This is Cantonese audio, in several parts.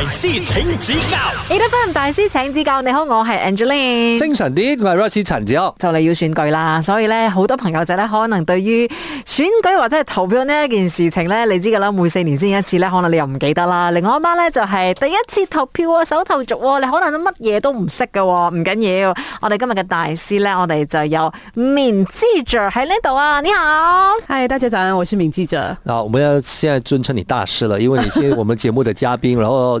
大師請指教，Edward 大師請指教。你好，我係 Angeline。精神啲，我係 Royce 陳子樂。就你要選舉啦，所以咧好多朋友仔咧可能對於選舉或者係投票呢一件事情咧，你知噶啦，每四年先一次咧，可能你又唔記得啦。另外一班咧就係第一次投票啊，手頭族，你可能都乜嘢都唔識噶，唔緊要。我哋今日嘅大師咧，我哋就有敏記者喺呢度啊。你好，嗨，大家早晨，我係敏記者。好，我們要現在尊稱你大師啦，因為你先。我們節目嘅嘉賓，然後。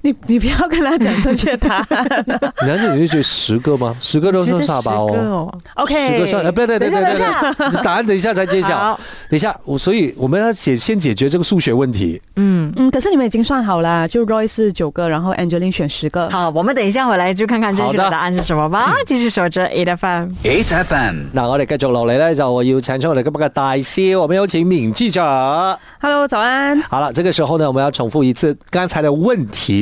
你你不要跟他講正確答案 。男生你覺得十個嗎？十個都算傻吧哦，哦。OK。十個算？啊、不對不對不對。答案等一下才揭曉。等一下，我所以我們要解先解決這個數學問題。嗯嗯。可是你們已經算好了，就 Royce 九個，然後 Angeline 選十個。好，我們等一下回來就看看正確答案是什麼吧。繼續守着 8FM。8FM 那我哋繼續落嚟呢。就要請出我哋嘅一個大師，我們有請敏記者。Hello，早安。好了，這個時候呢，我們要重複一次剛才的問題。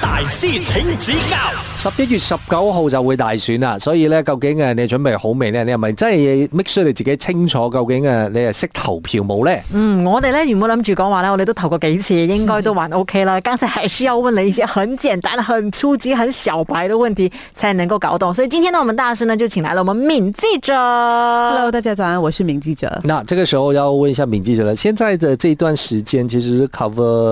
大師請指教。十 一樂月十九號就會大選啦，所以呢，究竟誒、啊、你準備好未呢？你係咪真係 make sure 你自己清楚？究竟誒、啊、你係識投票冇呢？嗯，我哋呢，原本諗住講話呢，我哋都投過幾次，應該都還 OK 啦。剛 才還是要問你一些很簡單、很初級、很小白的問題，才能夠搞懂。所以今天呢，我們大師呢就請來了我們敏記者。Hello，大家早上，我是敏記者。那這個時候要問一下敏記者了，現在的這一段時間其實是 cover。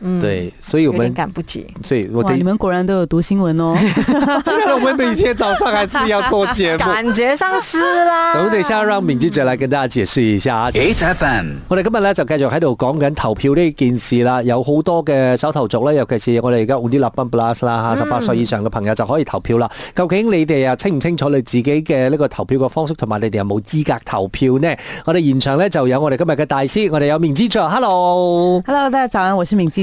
嗯，對，所以我們趕不及，所以我們你們果然都有讀新聞哦。真係，我們每天早上還是要做節目， 感覺上是啦。好， 大家 round 面跟大家解釋一下。h FM，我哋今日咧就繼續喺度講緊投票呢件事啦。有好多嘅手頭族咧，尤其是我哋而家換啲立賓 plus 啦，吓十八歲以上嘅朋友就可以投票啦、嗯。究竟你哋啊清唔清楚你自己嘅呢個投票嘅方式，同埋你哋係冇資格投票呢？我哋現場咧就有我哋今日嘅大師，我哋有面之著，hello，hello，大家早安，我是面之。